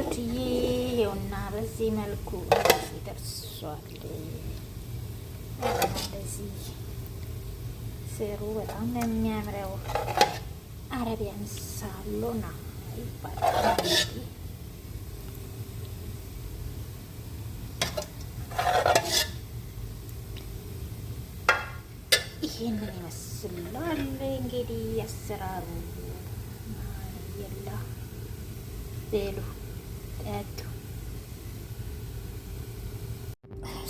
ውዶችዬ ይኸውና በዚህ መልኩ ደርሷል። እንደዚህ ስሩ። በጣም ነው የሚያምረው። አረቢያን ሳሎና ይባላል። ይህንን ይመስላል እንግዲህ አሰራሩ የላ ቤሉ ወበረካቱ።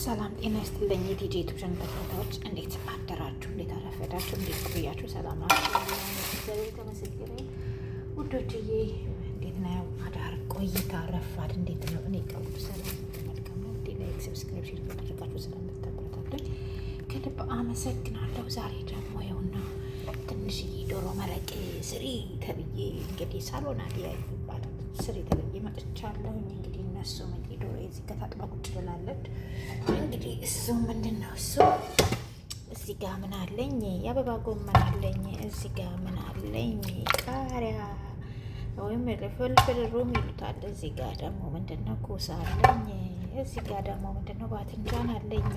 ሰላም ጤና ይስጥልኝ። የዲጄ ቻናል ተከታታዮች እንዴት አደራችሁ? እንዴት አረፈዳችሁ? እንዴት ቆያችሁ? ሰላም ናችሁ? ተመስገን ውዶችዬ፣ እንዴት ነው አዳር ቆይታ ረፋድ እንዴት ነው? እኔ ቀውዱ ሰላም መልካም ነው። ላይክ፣ ሰብስክሪፕሽን ያደረጋችሁ ስለምታበረታቱኝ ከልብ አመሰግናለሁ። ዛሬ ደግሞ ይኸውና ትንሽዬ ዶሮ መረቅ ስሪ ተብዬ እንግዲህ ሳሎና ዲያ ይባላል ስሪ ተብዬ መጥቻለሁኝ። እንግዲህ እነሱ እንግዲህ ዶሮ የዚህ ጋር ቁጭ ብላለች። እንግዲህ እሱ ምንድን ነው እሱ እዚህ ጋ ምን አለኝ? የአበባ ጎመን አለኝ። እዚህ ጋ ምን አለኝ? ቃሪያ ወይም ፍልፍል ሩም ይሉታል። እዚህ ጋ ደግሞ ምንድን ነው ኩሳ አለኝ። እዚህ ጋ ደግሞ ምንድን ነው ባትንጃን አለኝ።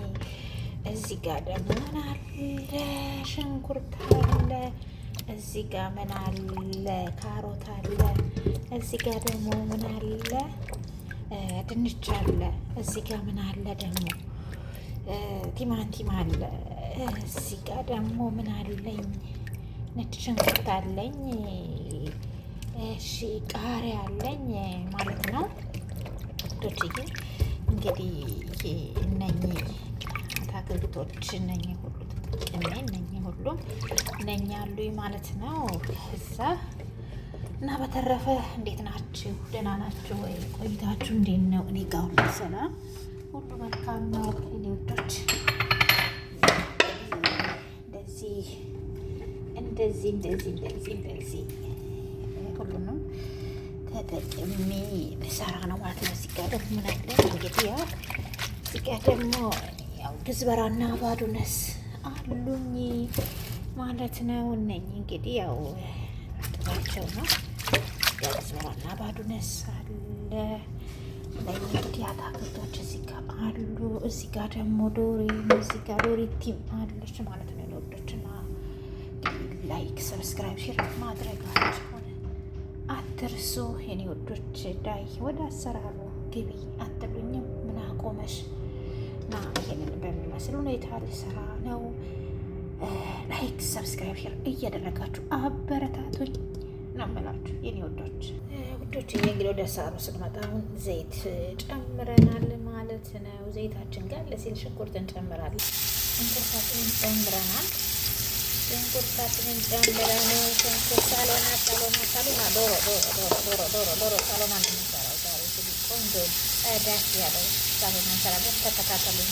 እዚህ ጋ ደግሞ ምን አለ? ሽንኩርት አለ እዚህ ጋ ምን አለ? ካሮት አለ። እዚህ ጋር ደግሞ ምን አለ? ድንች አለ። እዚህ ጋ ምን አለ ደግሞ? ቲማቲም አለ። እዚህ ጋር ደግሞ ምን አለኝ? ነጭ ሽንኩርት አለኝ። እሺ ቃሪያ አለኝ ማለት ነው። ዶችዬ እንግዲህ እነኚህ አታክልቶች እነኚህ እኔ እነኚህ ሁሉም እነኛ ያሉኝ ማለት ነው እዛ እና በተረፈ እንዴት ናችሁ? ደህና ናችሁ ወይ? ቆይታችሁ እንዴት ነው? እኔ ጋር ሁሉ ሰላም፣ ሁሉ መልካም ነው። እኔ ወዶች እንደዚህ እንደዚህ እንደዚህ እንደዚህ እንደዚህ ሁሉንም ተጠቅሜ ሰራ ነው ማለት ነው። እዚህ ጋር ደግሞ ምናለን እንግዲህ ያው እዚህ ደግሞ ያው ግዝበራና ባዶነስ አሉኝ ማለት ነው። እነኝ እንግዲህ ያው ነው ባዱነስ አለ አታክልቶች እዚህ ጋር አሉ። እዚህ ጋር ደግሞ እዚህ ጋር ቲም አለች ማለት ነው። ለወዶችና ላይክ፣ ሰብስክራይብ፣ ሼር ማድረጋችሁን አትርሱ የኔ ወዶች። ዳይ ወደ አሰራሩ ግቢ አትሉኝም ምን አቆመሽ? በሚመስል ሁኔታ ሊሰራ ነው። ላይክ ሰብስክራይብ፣ ሼር እያደረጋችሁ አበረታቶች ነው የምላችሁ የኔ ወዶች ወዶች። ይህ እንግዲህ ወደ ሰዓቱ ስንመጣ አሁን ዘይት ጨምረናል ማለት ነው። ዘይታችን ጋር ለሲል ሽንኩርት እንጨምራለን። ሽንኩርታችንን ጨምረናል። ሽንኩርታችንን ጨምረን ሽንኩርት ሳሎና ሳሎና ሳሎና ዶሮ ዶሮ ዶሮ ዶሮ ዶሮ ሳሎና ነው ዛሬ ቆንጆ ዳስ ያለው ሳሎና እንሰራለን። ተከታተሉኝ።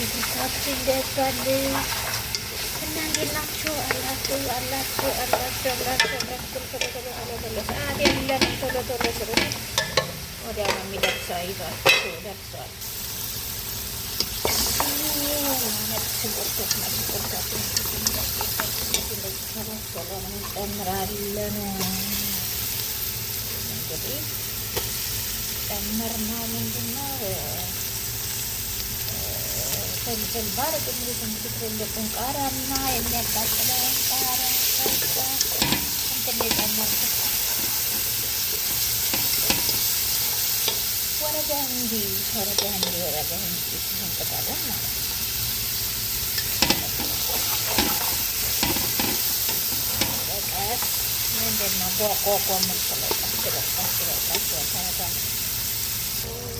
Ini satu desa Senang enak cu, Allah cu, Allah cu, Allah cu, Allah cu, Allah cu, Allah cu, Allah cu, Allah cu, Ah, dia bilang, cu, cu, cu, cu, cu, cu. Oh, dia nak minat saya, cu, cu, that's all. Jadi, emar mau menjemur ya friend-friend baru kemudian sampai friend pun karam main ya kata karam kamar suara jandi suara jandi suara jandi sampai karam Nampak kokoh mesti lepas, lepas, lepas, lepas, lepas, lepas, lepas,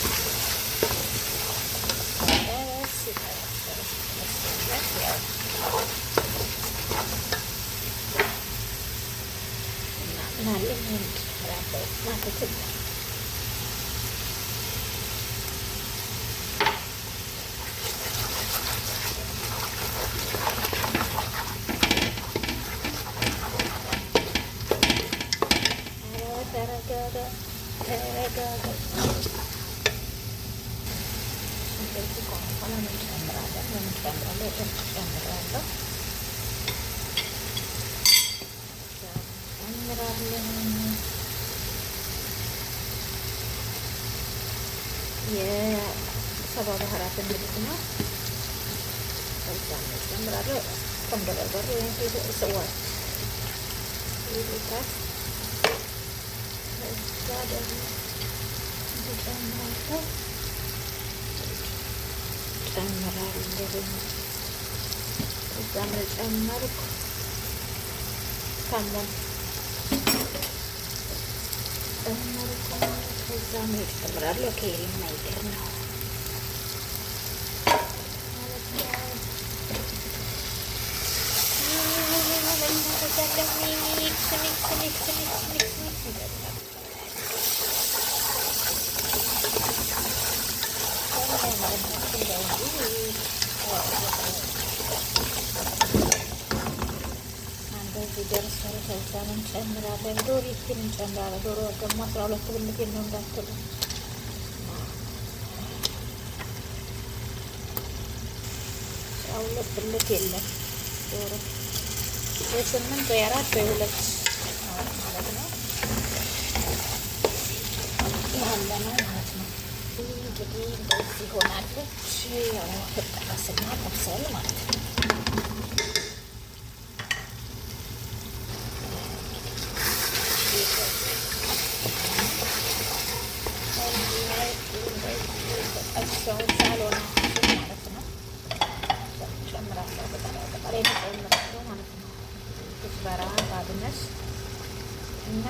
እና ለምን ማለት ነው እንጨምራለን። የሰባ ባህራት ምልክ ነው። ከዛ እንጨምራለሁ ቆንጆ በርበሬ ወይም ስዋት ይሉታል። ከዛ ደግሞ እንጨምራለሁ ጨምራለሁ እዛም ጨመርኩ ከሞን ከዛ ሄድ ጨምራለሁ። ከሄድ ማይገር ነው Thank you. ሲደርስ ሰልሰል እንጨምራለን። ዶሮ ይችን እንጨምራለን። ዶሮ ደግሞ አስራ ሁለት ብልት ነው እንዳትሉ። አስራ ሁለት ብልት የለም ዶሮ የስምንት ወይ አራት ወይ ሁለት ማለት ነው ያለ ነው ማለት ነው። እንግዲህ እንደዚህ ሆናለች። ያው ፍጠራ ስና ማለት ነው። ሰውን ሳልሆነ ማለት ነው ጨምራለሁ። በጠላ ጨምራለሁ ማለት ነው። ኩዝበራ ባብነስ እና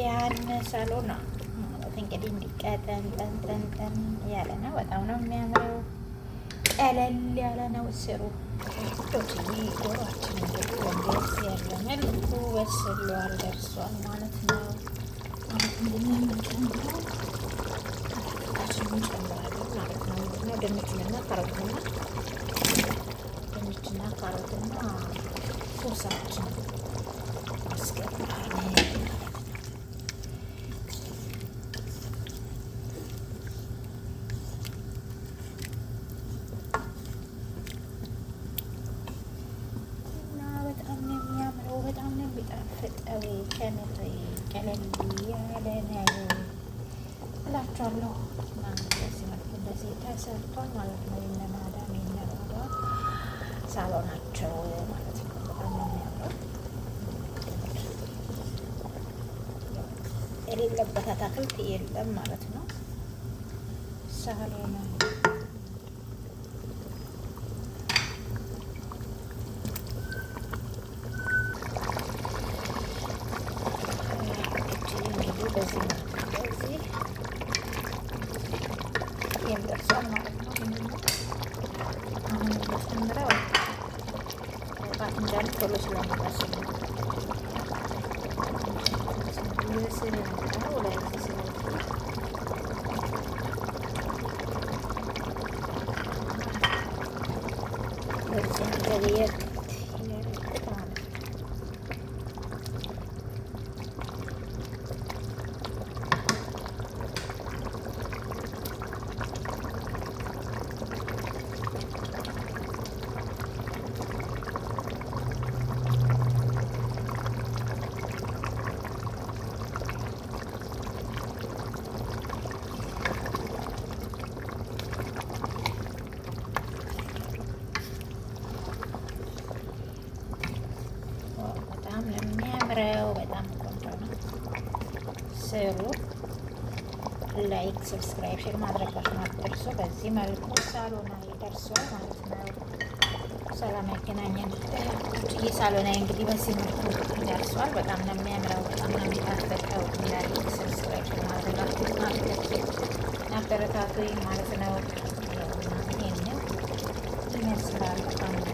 ቢያን ሳሎን ነው ማለት እንግዲህ እንዲቀጠን ጠን ያለ ነው። በጣም ነው የሚያምረው። ቀለል ያለ ነው ስሩ ቶችዬ ጎሯችን ወንደስ ያለ መልኩ በስሏል ደርሷል ማለት ነው። ድንችንና ካሮትና ድንችና ካሮትና ሶሳችን አስገባል ተሰርቷል ማለት ነው። የእነ ማዳም የእነ ሮዳ ሳሎናቸው ማለት ነው። በጣም የሌለበት አታክልት የለም ማለት ነው። ሳሎና Rodríguez. ሼር ማድረጋችሁን አትርሱ። በዚህ መልኩ ሳሎና ይደርሷል ማለት ነው። ሰላም ያገናኘን ውጭዬ። ሳሎና እንግዲህ በዚህ መልኩ ይደርሷል። በጣም ነው የሚያምረው፣ በጣም ነው የሚጣፍጠው። ላይ ስብስራች ማድረጋችሁ ማድረጋችሁ አበረታቱ ማለት ነው። ይህንን ይመስላል በጣም